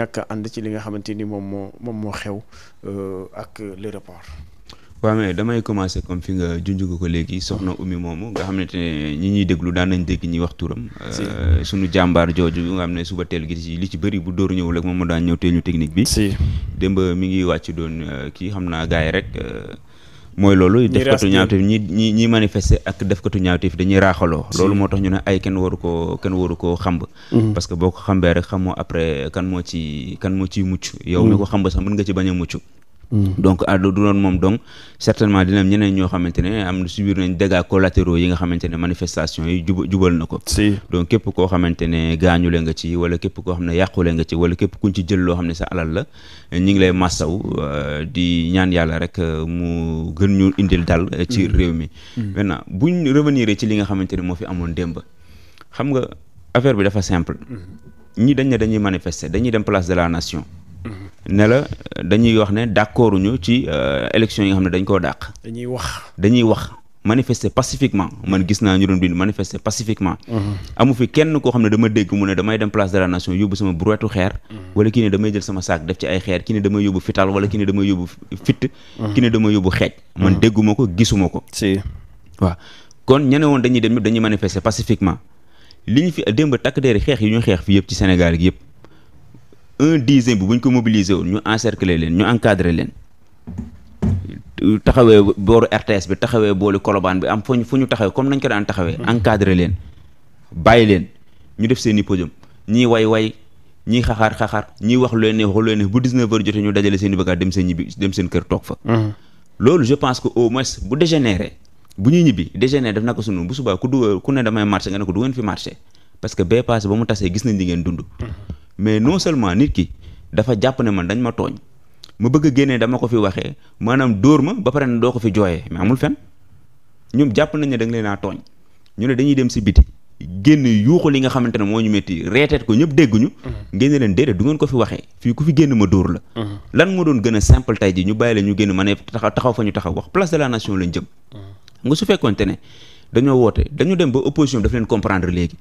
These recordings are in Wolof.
ñàkk ànd ci li nga xamante ni moom moo moom moo xew euh, ak le report. waaw mais damay commencer comme fi nga junj ko léegi soxna Oumy moomu nga xam ne ñi ñuy déglu daan nañ dégg ñi wax turam. Euh, suñu jàmbaar jooju nga xam ne suba teel gi ci li ci bëri bu dóor ñëwul ak moom moo daan ñëw teeñu technique bi. si démb mi ngi wàcc doon euh, kii xam naa gars yi rek. mooy loolu def katu ñaawteef ñi ñi ñi manifester ak def katu ñaawteef dañuy raaxaloo loolu moo tax ñu ne ay kenn waru koo kenn waru koo xamb mm-hmm. parce que boo ko xambee rek xamoo après kan moo ci kan moo ciy mucc yow mi mm-hmm. ko xamb sax mën nga ci bañ a mucc donc du doon moom donc certainement dina ñeneen ñoo xamante ne am na subir nañ dégâts collatéraux yi nga xamante ne manifestation yi jub jubal na ko si donc képp koo xamante ne gaañu nga ci wala képp koo xam ne yàqule nga ci wala képp kuñ ci jël loo xam ne sa la ñi ngi lay massaw euh, di ñaan yàlla rek euh, mu gën ñu indil dal euh, ci mm-hmm. réew mi mm-hmm. maintenant buñ revenir ci li nga xamante ne moo fi amoon démb xam nga affaire bi dafa simple mm-hmm. ñi dañ ne dañuy manifester dañuy dem place de la nation ne dañuy wax ne d'accord ñu ci euh, élection yi nga xam ne dañ koo dàq. dañuy wax dañuy wax. manifester pacifiquement man gis naa ñu doon bind manifester pacifiquement. Mhm. amu fi kenn koo xam ne dama dégg mu ne damay dem place de la nation yóbbu sama brouette xeer. Mhm. wala kii ne damay jël sama saak def ci ay xeer kii ne damay yóbbu fital wala kii ne damay yóbbu fitt. Mhm. kii ne damay yóbbu xeej. man dégguma ko gisuma ko. si waaw kon ñene woon dañuy dem dañuy manifester pacifiquement li ñu fi démb takk deeri xeex yi ñuy xeex fi yëpp ci Sénégal yëpp. un dixième bu buñ ko mobiliser woon ñu encercler leen ñu encadrer leen taxawee booru RTS bi taxawee boole kolobaan bi am fu ñu fu ñu taxawee comme nañ ko daan taxawee. encadrer leen bàyyi leen ñu def seen i podium ñii way way ñii xaxaar xaxaar ñii wax lu leen neex wax lu leen neex bu 19 jotee ñu dajale seen i bagaas dem seen ñibbi dem seen kër toog fa. loolu je pense que au moins bu dégénéré bu ñuy ñibbi dégénéré def na ko sunu bu subaa ku du ku ne damay marché nga ne ko du n fi marché parce que mu tasee gis nañ li ngeen dund. mais non seulement nit ki dafa jàpp ne man dañ ma tooñ ma bëgg a génnee dama ko fi waxee maanaam dóor ma ba pare ne doo ko fi jooyee mais amul fen ñoom jàpp nañ ne da nga leen a tooñ ñu ne dañuy dem si biti génn yuuxu li nga xamante ne moo ñu métti reeteet ko ñëpp dégguñu mm-hmm. ngeen leen déedéet du ngeen ko fi waxee fii ku fi génn ma dóor la mm-hmm. lan moo doon gën a simple tey ji ñu bàyyi la ñu génn ma ne taxaw fa ñu taxaw wax place de la nation lañ jëm mm-hmm. nga su fekkoonte ne dañoo woote dañu dem ba opposition bi daf léegi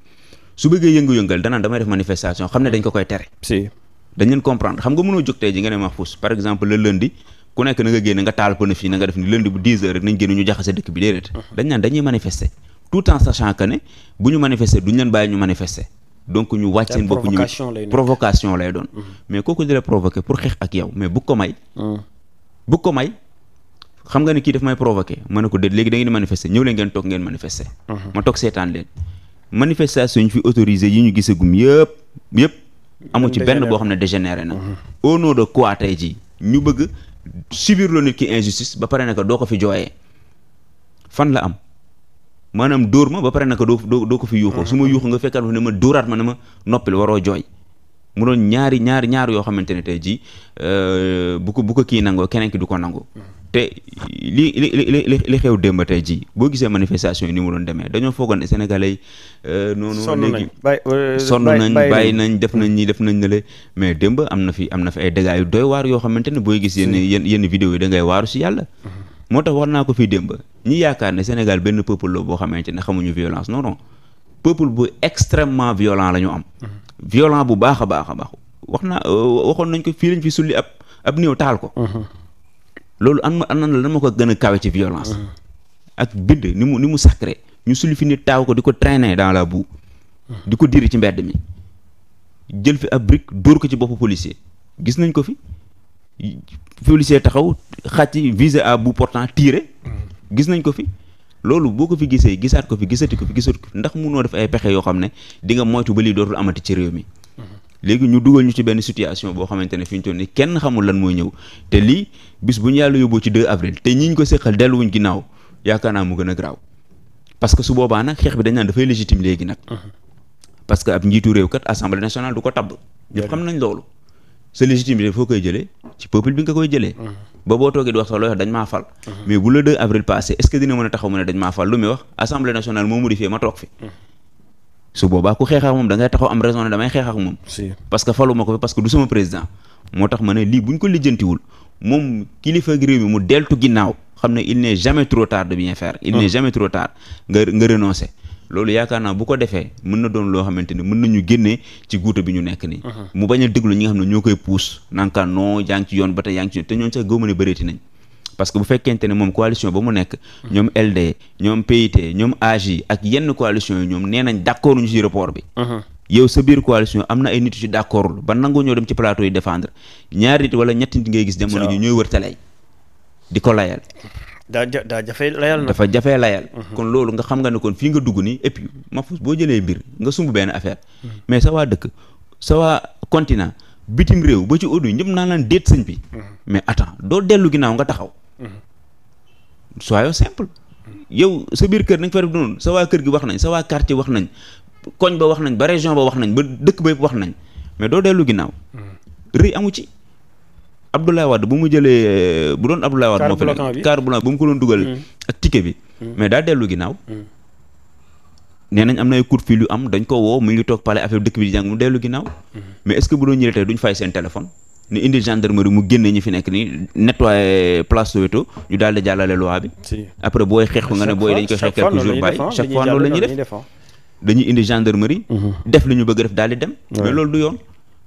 su bëggee yëngu-yëngal danaan damay def manifestation xam ne dañ ko koy tere si dañ leen comprendre xam nga mënoo jóg tey ji nga ne Mahfouss par exemple le lundi ku nekk na nga génn nga taal pëna fii na nga def ni lundi bu 10 heures rek nañ génn ñu jaxase dëkk bi déedéet uh-huh. dañ naan dañuy manifester tout en sachant que ne bu ñu manifester duñ leen bàyyi ñu manifester donc ñu wàcc seen bopp ñu provocation lay doon uh-huh. mais kooku di provoquer uh-huh. daf may provoquer ma ko déet léegi da ngeen di manifester ñëw leen ngeen toog manifestation yi fi autorisé yi ñu gisagum yëpp yëpp amu ci benn boo xam ne dégénéré na mhm. au nom de quoi tey ji ñu bëgg subir loo nit ki injustice ba pare naka doo ko fi jooyee fan la am maanaam door ma ba pare naka doo doo ko fi yuuxoo mhm. su ma yuuxoo nga fekkaat ne ma dóoraat ma na ma noppil waroo jooy mu doon ñaari ñaari ñaar yoo xamante ne tey jii euh, bu ko bu ko kii nangoo keneen ki du ko nangu. te li li li xew demba tey jii boo gisee manifestation yi ni mu doon demee dañoo foogoon ne Sénégalais yi. Euh, noonu léegi sonn nañ euh, bàyyi nañ def nañ ñi def nañ ne le mais démb am na fi am na fi ay dégâts yu doy waar yoo xamante ne booy gis yenn yenn yenn vidéo yi dangay waaru si yàlla. Mhm. moo tax war naa ko fii démb ñi yaakaar ne Sénégal benn peuple la boo xamante ne xamuñu violence non non peuple bu extrêmement violent la ñu am. Mhm. violent bu baax a baax a baax wax naa euh, waxoon nañ ko fii lañ fi sulli ab néew taal ko. Mhm. loolu an ma an la lan ma ko gën a kawe ci violence. Mhm. ak bind ni mu ni mu sacré ñu sulli fi nit taaw ko di ko traîner dans a boue. Mhm. di ko diri ci mbedd mi. jël fi ab brique dóor ko ci boppu policier gis nañ ko fi policier taxaw xàcc visé à bout portant tiré. gis nañ ko fi. loolu boo ko fi gisee gisaat ko fi gisati ko fi gisati ko fi ndax munoo def ay pexe yoo xam ne di nga moytu ba lii dootul amati ci réew mi mm-hmm. léegi ñu dugal ñu ci benn situation boo xamante ne fi ñu toll ni kenn xamul lan mooy ñëw te lii bis bu ñu yàlla yóbboo ci 2 avril te ñiñ ko séqal delluwuñ ginnaaw yaakaar naa mu gën a graaw parce su boobaa nag xeex bi dañ naan dafay légitime léegi nag mm-hmm. parce que ab njiitu réew kat assemblée nationale du ko tabb ñëpp xam nañ loolu sa légitimité foo koy jëlee ci peuple bi nga koy jëlee mm-hmm. ba boo toogee di wax sax looy wax dañ maa fal mhm. mais bu le 2 avril passé est-ce que dina mën a taxaw mu ne dañ maa fal lu muy wax assemblée nationale moo modifié ma toog fi mhm. su boobaa ku xeex moom da ngay taxaw am raison damay xeex ak moom parce que falu ma ko fi parce que du sama président moo tax ma ne lii buñ ko lijjantiwul moom kilifa gi réew mi mu deltu ginnaaw xam ne il n'est jamais trop tard de bien faire il mhm. n'est jamais trop tard nga nga renoncer loolu yaakaar naa bu ko defee mën na doon loo xamante ni mën nañu génnee ci guuta bi ñu nekk nii uh-huh. mu bañ a déglu ñi nga xam ne ñoo koy puus nankaan non ngi yoon ba te ñoon sax gëwmë ne bëreeti nañ parce que bu fekkente ne moom coalition ba mu nekk uh-huh. ñoom ñoom ñoom AJ ak yenn coalition yi ñoom nee nañ d'accord ñu ci report bi uh-huh. yow sa biir coalition am na ay nit yu ci d'accordul ba nangu ñoo dem ci plateau yi défendre ñaari nit wala ñetti nit ngay gis jamono ñu ñooy wër télé di ko layal daa daa jafee layal na dafa jafee layal mhm. kon loolu nga xam nga ne kon fii nga dugg nii et puis Mahfouz boo jëlee mbir nga sumb benn affaire mhm. mais sawaa dëkk sa waa continent bitim réew ba ci auduy ñëpp naa laan déet sañ bi mhm. mais attends doo dellu ginnaaw nga taxaw soyons simple yow sa biir kër nañ fa def noonu sa kër gi wax nañ sa waa quartier wax nañ koñ ba wax nañ ba région ba wax nañ ba dëkk ba yëpp wax nañ mais doo dellu ginnaaw rëy amu ci Abdoulaye Wade bu mu jëlee euh, bu doon Abdoulaye Wade moo fi ne car blanc bu mu ko doon dugal hmm. ak ticket bi hmm. mais daa dellu ginnaaw hmm. nee nañ am na ay coup de yu am dañ ko woo mu ngi toog palais affaire dëkk bi di jàng mu dellu ginnaaw mais est-ce que bu doon ñëwee tey duñ fay seen téléphone ni indi gendarmerie mu génne ñi fi nekk ni nettoyé place Soweto ñu daal di jàllale loi bi après booy xeex ko nga ne booy dañ koy xeex quelques jours bàyyi chaque fois loolu la ñuy ah. def dañuy ah. mm-hmm. ñu bëgg daal di dem mais loolu du yoon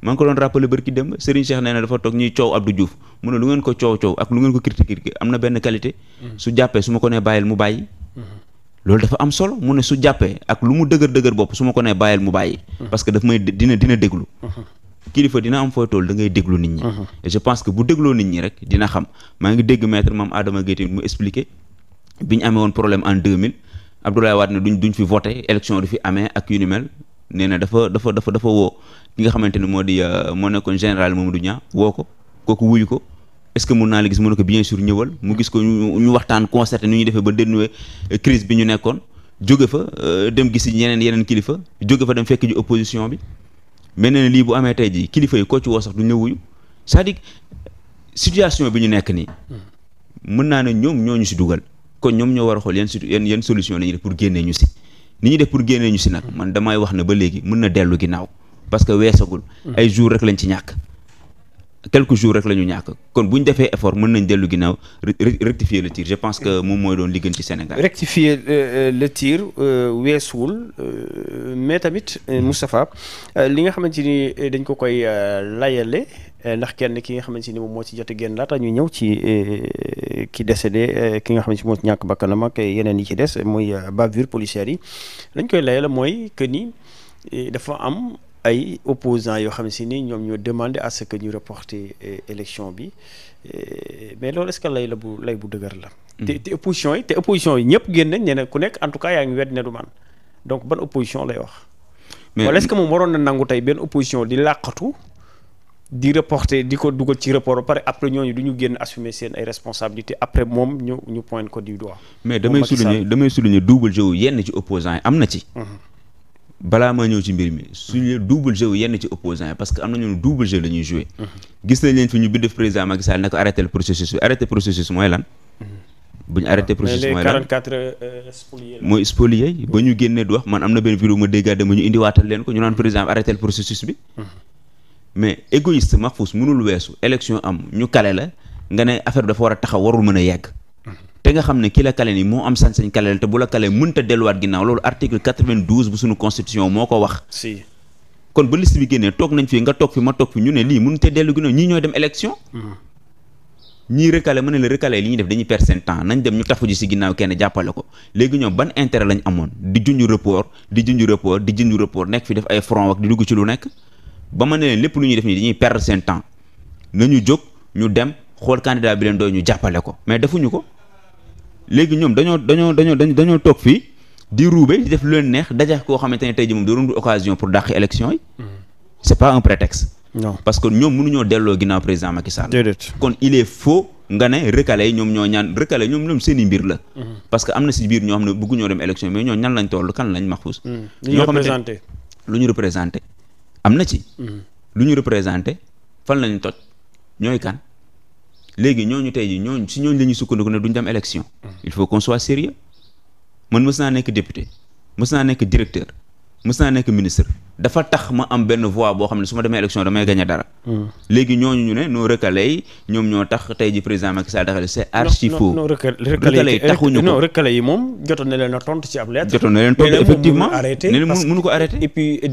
maa ngi ko doon rappelé barki démb Serigne Cheikh nee na dafa toog ñuy coow Abdou Diouf mu ne lu ngeen ko coow coow ak lu ngeen ko critiquer am na benn qualité mm-hmm. su jàppee su ma ko nee bàyyi mm-hmm. loolu dafa am solo mu ne su jàppee ak lu mu dëgër dëgër bopp su ma ko nee bàyyi mm-hmm. parce que daf may dina dina kilifa dina am fooy tool da ngay déglu nit ñi et je pense que bu dégloo nit ñi rek dina xam maa ngi dégg maître maam Adama Gueye mu expliqué bi ñu amee nee na dafa dafa dafa dafa woo ki nga xamante ni moo di euh, moo nekkoon général moom du Niang woo ko kooku wuyu ko est-ce que mun naa la gis mu ne ko bien sûr ñëwal mu gis ko ñu waxtaan concerté nu ñuy defee ba dénnuwee euh, crise bi ñu nekkoon jóge fa euh, dem gisi ñeneen yeneen kilifa jóge fa dem fekk ji opposition bi mel na lii bu amee tey jii kilifa yi koo ci woo sax duñ la wuyu cest à bi ñu nekk nii hmm. mën naa ne ñoom ñoo ñu dugal kon ñoom ñoo war a xool yan yan ni ñuy def pour génnee ñu si nag man damay wax na ba léegi mën na dellu ginnaaw parce que weesagul ay jour rek lañ ci ñàkk quelques jour rek la ñu ñàkk kon bu ñu defee effort mën nañ dellu ginnaaw rectifier le tir je pense que moom mooy doon li gën ci Sénégal rectifier euh, euh, le tir euh, weesuwul mais tamit Moustapha li nga xamante ni dañ ko koy layale Eh, ndax kenn ki nga xamante ni moom moo ci jot a génn laata ñu ñëw ci eh, ki décédé eh, ki nga xamante si moo ci ñàkk bakkanam ak yeneen yi ci des muy bavure policière yi lañ koy layal mooy que ni dafa am ay opposants yoo xam si ni ñoom ñoo demandé à que ñu reporter élection bi mais loolu est-ce que lay la bu lay bu dëgër la. Mm. te te opposition yi te opposition yi ñëpp génn nañ ku nekk en tout cas yaa ngi wet ne du man donc ban opposition lay wax. mais wala est-ce que moom waroon na nangu tey benn opposition di làqatu. di reporter di ko dugal ci report ba pare après ñooñu du ñu génn assumer seen ay responsabilités après moom ñu ñu point mais damay souligner damay souligner double jeu yenn ci opposants yi am na ci. Mhm. balaa maa ñëw ci mbir mi su suñu double jeu yenn ci opposants yi parce que am na ñun double jeu la ñuy joué. Mhm. gis nañ leen fi ñu bind président Macky Sall ne ko arrêté le processus bi arrêté processus mooy lan. Mhm. bu ñu arrêté processus mooy lan 44 euh, spoliés mooy spoliés ba ñu génnee du wax man am na benn vidéo ma dégg ñu indiwaatal leen ko ñu naan président arrêté processus bi. mais égoïste Mahfouz mënul weesu élection am ñu kale la nga ne affaire dafa war a taxaw warul mën a yegg te nga xam ne ki la kale ni moo am sañ-sañ kale la te bu la kale mënta delluwaat ginnaaw loolu article 92 bu suñu constitution moo ko wax si kon ba liste bi génnee toog nañ fii nga toog fi ma toog fi ñu ne lii mënu te dellu ginnaaw ñii ñooy dem élection hmm. ñii recalé ma ne la recalé li ñuy def dañuy per seen temps nañ dem ñu tafu ji si ginnaaw kenn jàppale ko léegi ñoom ban intérêt lañ amoon di junj report di junj di junj report nekk fi def ay front di dugg ci lu nekk ba ma ne leen lépp lu ñuy def nii dañuy per seen temps ñu jóg ñu dem xool candidat bi leen doy ñu jàppale ko mais defuñu ko léegi ñoom dañoo dañoo dañoo dañoo toog fii di ruube di def lu leen neex dajax koo xamante ne tey ji moom da doon occasion pour dàq élection yi mm. c'est pas un prétexte parce que ñoom mënuñoo delloo ginnaaw président Macky Sall kon il est faux nga ne recalé ñoom ñoo ñaan recalé ñoom ñoom seeni i mbir la mm-hmm. parce que am na si biir ñoo xam ne bëgguñoo dem élection ñoo ñan lañ toll kan lañ maxuus mm. ñoo xamante lu ñu représenté am na ci. Mm-hmm. lu ñu représenté fan la ñu toj ñooy kan léegi ñooñu tey ji ñooñu si ñooñu la ñuy sukkandiku ne duñ dem élection. Mm-hmm. il faut qu'on soit sérieux man mës naa nekk député mës naa nekk directeur mës naa nekk ministre. dafa tax ma am benn voix boo xam ne su ma demee élection damay gagné dara. Hmm. léegi ñooñu ñu ne nos recalés yi ñoom ñoo tax tey ji président ma Sall dafa c'est archi faux. non non yi taxuñu ko non moom jotoon na leen a tontu ci ab lettre. jotoon na leen tontu effectivement mais nag mënu ko arrêté et euh,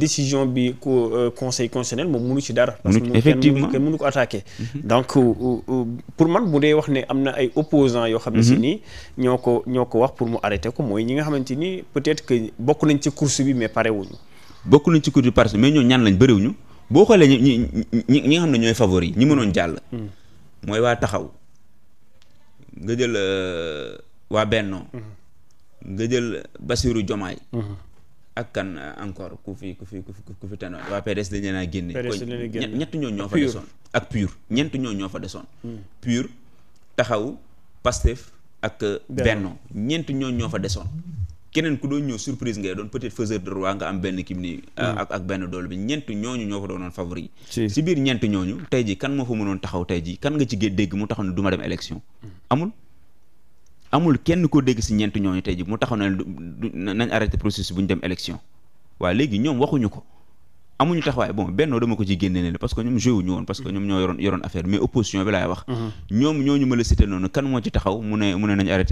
moom mënu ci dara. mënu effectivement parce que mhm. donc euh, euh, pour man bu dee wax ne am na ay opposants yoo xam ne si mhm. nii ñoo ko ñoo ko wax pour mu arrêté ko mooy ñi nga xamante ni peut-être que bokk nañ ci course bi mais pare wuñu bokk nañ ci cour parce que mais ñoo ñaan lañ ñu boo xoolee ñi ñi nga xam ne ñooy favori ñi mënoon jàll. Hmm. mooy waa taxaw nga jël euh, waa Benno. Hmm. nga jël Bassirou Diomaye. Hmm. ak kan euh, encore ku fi ku fi ku fi ku fi tenoon waa PDS dañu leen génne. ñett ñoo ñoo fa desoon. ak PUR euh, ñeent ñoo ñoo fa desoon. PUR taxaw Pastef ak. Benno ñeent ñoo ñoo fa desoon. keneen ku doon ñëw surprise ngay doon peut-être faiseur de roi nga am benn kim ni hmm. ak ak benn doole bi ñent ñooñu ñoo fa doonoon favori si biir ñent ñooñu tey ji kan moo fa mënoon taxaw tey ji kan nga ci gén mu noonu moo ci taxaw mu ne mu ne